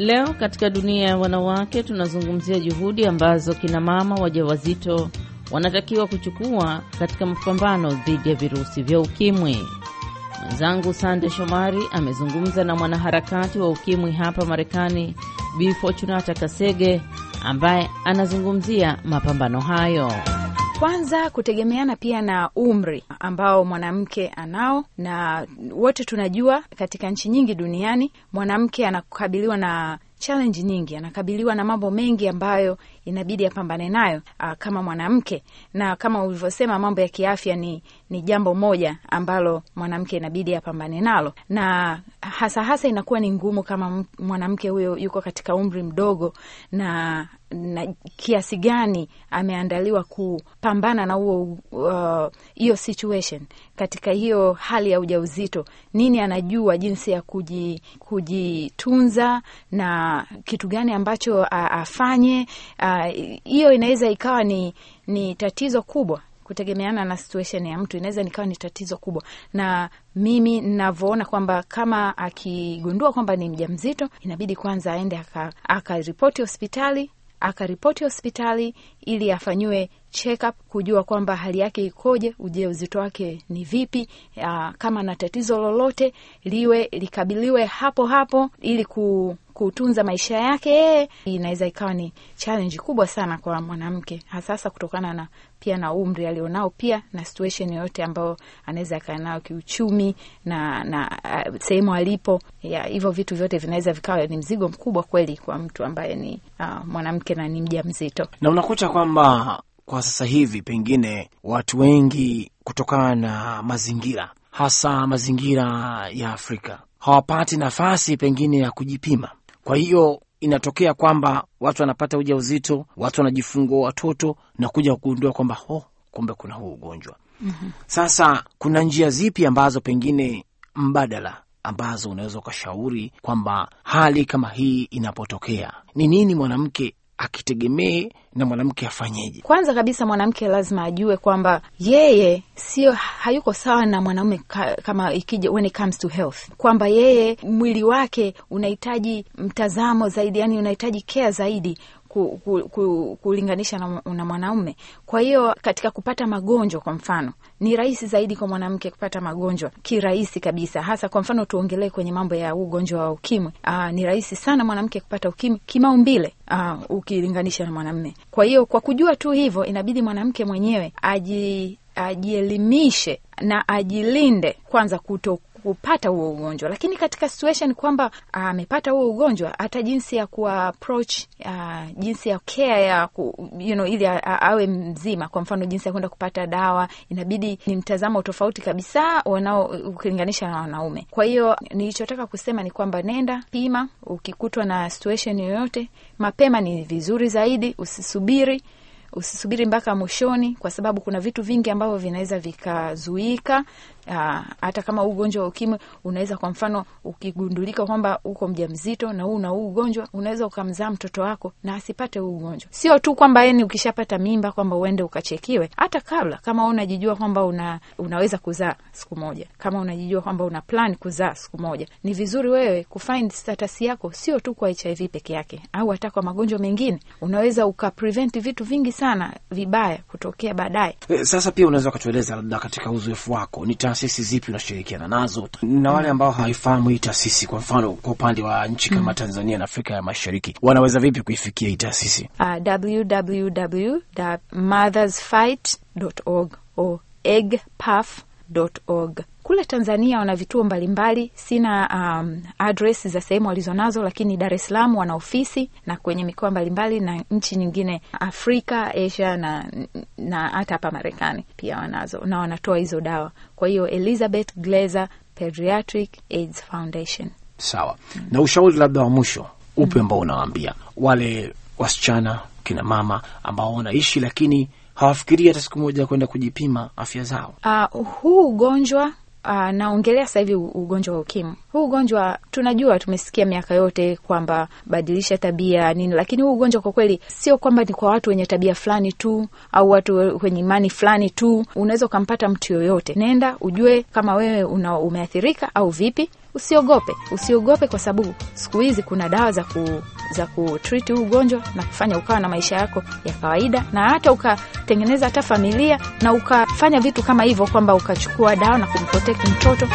Leo katika dunia ya wanawake tunazungumzia juhudi ambazo kinamama wajawazito wanatakiwa kuchukua katika mapambano dhidi ya virusi vya ukimwi. Mwenzangu Sande Shomari amezungumza na mwanaharakati wa ukimwi hapa Marekani, Bi Fortunata Kasege ambaye anazungumzia mapambano hayo. Kwanza kutegemeana pia na umri ambao mwanamke anao, na wote tunajua katika nchi nyingi duniani mwanamke anakabiliwa na challenge nyingi, anakabiliwa na mambo mengi ambayo inabidi apambane nayo ah, kama mwanamke, na kama ulivyosema, mambo ya kiafya ni, ni jambo moja ambalo mwanamke inabidi apambane nalo, na hasa hasa inakuwa ni ngumu kama mwanamke huyo yuko katika umri mdogo na na kiasi gani ameandaliwa kupambana na huo uh, hiyo uh, situation katika hiyo hali ya ujauzito, nini anajua jinsi ya kujitunza na kitu gani ambacho uh, afanye. Uh, hiyo uh, inaweza ikawa ni, ni tatizo kubwa kutegemeana na situation ya mtu, inaweza nikawa ni tatizo kubwa. Na mimi ninavyoona kwamba kama akigundua kwamba ni mjamzito, inabidi kwanza aende akaripoti aka hospitali akaripoti hospitali ili afanyiwe check up kujua kwamba hali yake ikoje, uje uzito wake ni vipi, ah, kama na tatizo lolote liwe likabiliwe hapo hapo ili ku kutunza maisha yake yeye, inaweza ikawa ni challenge kubwa sana kwa mwanamke, hasasa kutokana na pia na umri alionao, pia na situation yoyote ambayo anaweza akaa nayo kiuchumi na, na uh, sehemu alipo hivyo, vitu vyote vinaweza vikawa ni mzigo mkubwa kweli kwa mtu ambaye ni uh, mwanamke na ni mja mzito, na unakuta kwamba kwa sasa hivi pengine watu wengi kutokana na mazingira hasa mazingira ya Afrika hawapati nafasi pengine ya kujipima kwa hiyo inatokea kwamba watu wanapata ujauzito, watu wanajifungua watoto na kuja kugundua kwamba oh, kumbe kuna huu ugonjwa mm -hmm. Sasa kuna njia zipi ambazo pengine mbadala ambazo unaweza ukashauri kwamba hali kama hii inapotokea, ni nini mwanamke akitegemee na mwanamke afanyeje. Kwanza kabisa, mwanamke lazima ajue kwamba yeye sio hayuko sawa na mwanaume ka, kama ikija when it comes to health, kwamba yeye mwili wake unahitaji mtazamo zaidi, yani unahitaji care zaidi ku, ku, ku, kulinganisha na, na mwanaume. Kwa hiyo katika kupata magonjwa kwa mfano, ni rahisi zaidi kwa mwanamke kupata magonjwa kirahisi kabisa, hasa kwa mfano tuongelee kwenye mambo ya ugonjwa wa ukimwi. Aa, ah, ni rahisi sana mwanamke kupata ukimwi kimaumbile ah, ukilinganisha na mwanamume. Kwa hiyo kwa kujua tu hivyo, inabidi mwanamke mwenyewe aji ajielimishe na ajilinde kwanza kuto kupata huo ugonjwa, lakini katika situation kwamba ah, amepata huo ugonjwa, hata jinsi ya approach uh, jinsi ya care ya ku, you know, ili awe mzima, kwa mfano jinsi ya kwenda kupata dawa, inabidi ni mtazamo tofauti kabisa wanao ukilinganisha na wanaume. Kwa hiyo nilichotaka kusema ni kwamba nenda pima, ukikutwa na situation yoyote mapema ni vizuri zaidi, usisubiri usisubiri mpaka mwishoni, kwa sababu kuna vitu vingi ambavyo vinaweza vikazuika Ah, hata kama ugonjwa wa ukimwi unaweza kwa mfano ukigundulika kwamba uko mja mzito na huu na huu ugonjwa, unaweza ukamzaa mtoto wako na asipate huu ugonjwa. Sio tu kwamba yani ukishapata mimba kwamba uende ukachekiwe, hata kabla, kama unajijua kwamba una, unaweza kuzaa siku moja, kama unajijua kwamba una plan kuzaa siku moja, ni vizuri wewe kufind status yako, sio tu kwa HIV peke yake, au hata kwa magonjwa mengine. Unaweza ukaprevent vitu vingi sana vibaya kutokea baadaye. Eh, sasa pia unaweza ukatueleza labda katika uzoefu wako ni taasisi zipi unashirikiana nazo na wale ambao hawaifahamu hii taasisi, kwa mfano kwa upande wa nchi kama mm. Tanzania na Afrika ya Mashariki, wanaweza vipi kuifikia hii taasisi? Uh, www.mothersfight.org or eggpaf.org kule Tanzania wana vituo mbalimbali. Sina um, address za sehemu walizonazo, lakini Dar es Salaam wana ofisi na kwenye mikoa mbalimbali na nchi nyingine Afrika, Asia na na hata hapa Marekani pia wanazo na wanatoa hizo dawa. Kwa hiyo Elizabeth Glaser Pediatric AIDS Foundation. Sawa. mm -hmm. Na ushauri labda wa mwisho upe mm. ambao unawaambia wale wasichana kina mama ambao wanaishi lakini hawafikiri hata siku moja kwenda kujipima afya zao. Uh, huu ugonjwa uh, naongelea sasa hivi ugonjwa wa ukimwi. Huu ugonjwa tunajua, tumesikia miaka yote kwamba badilisha tabia nini, lakini huu ugonjwa kwa kweli sio kwamba ni kwa watu wenye tabia fulani tu au watu wenye imani fulani tu. Unaweza ukampata mtu yoyote. Nenda ujue kama wewe una umeathirika au vipi, Usiogope, usiogope kwa sababu siku hizi kuna dawa za ku za kutriti huu ugonjwa na kufanya ukawa na maisha yako ya kawaida, na hata ukatengeneza hata familia na ukafanya vitu kama hivyo, kwamba ukachukua dawa na kumprotect mtoto.